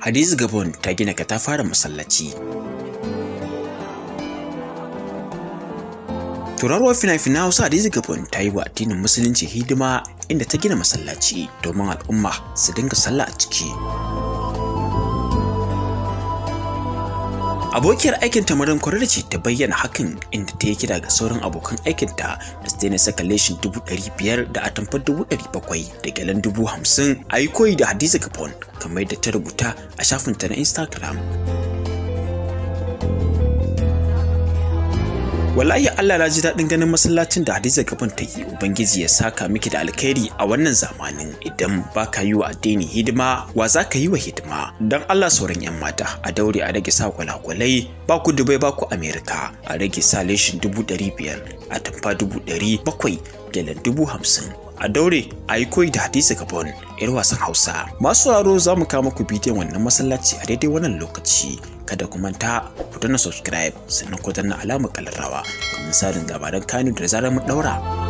Hadiz Gabon ta gina fara masallaci. Turarwar fina-fina Hausa Hadiz Gabon ta yi wa addinin Musulunci hidima inda ta gina masallaci domin al'umma su dinga sallah a ciki. abokiyar aikinta Maryam Kwararra ce ta bayyana hakan inda ta yi kira ga sauran abokan aikin ta da su daina saka leshin dubu ɗari biyar da atamfar dubu ɗari bakwai da gyalen dubu hamsin a yi koyi da Hadiza Gabon, kamar da ta rubuta a shafinta na Instagram. wallahi Allah na ji daɗin ganin masallacin da Hadiza gaban ta yi ubangiji ya saka miki da alkhairi a wannan zamanin idan ba ka yi wa addini hidima wa za ka yi wa hidima Don Allah sauran yan mata a daure a rage sa kwalakwalai ba ku Dubai ba ku Amerika a rage sa leshin dubu ɗari biyar a tamfa dubu ɗari bakwai gele dubu hamsin a daure a yi koyi da hadisa gabon yar wasan hausa masu sauraro za mu kama ku bidiyon wannan masallaci a daidai wannan lokaci kada ku manta ku danna subscribe sannan ku danna alamar kalarawa domin sarin labaran kanu da zarar mu daura